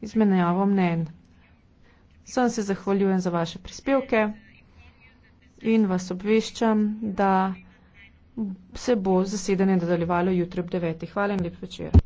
izmenjavo mnen. Sem se zahvaljujem za vaše prispevke in vas obveščam, da se bo zasedanje nadaljevalo jutri ob 9. Hvala in lep večer.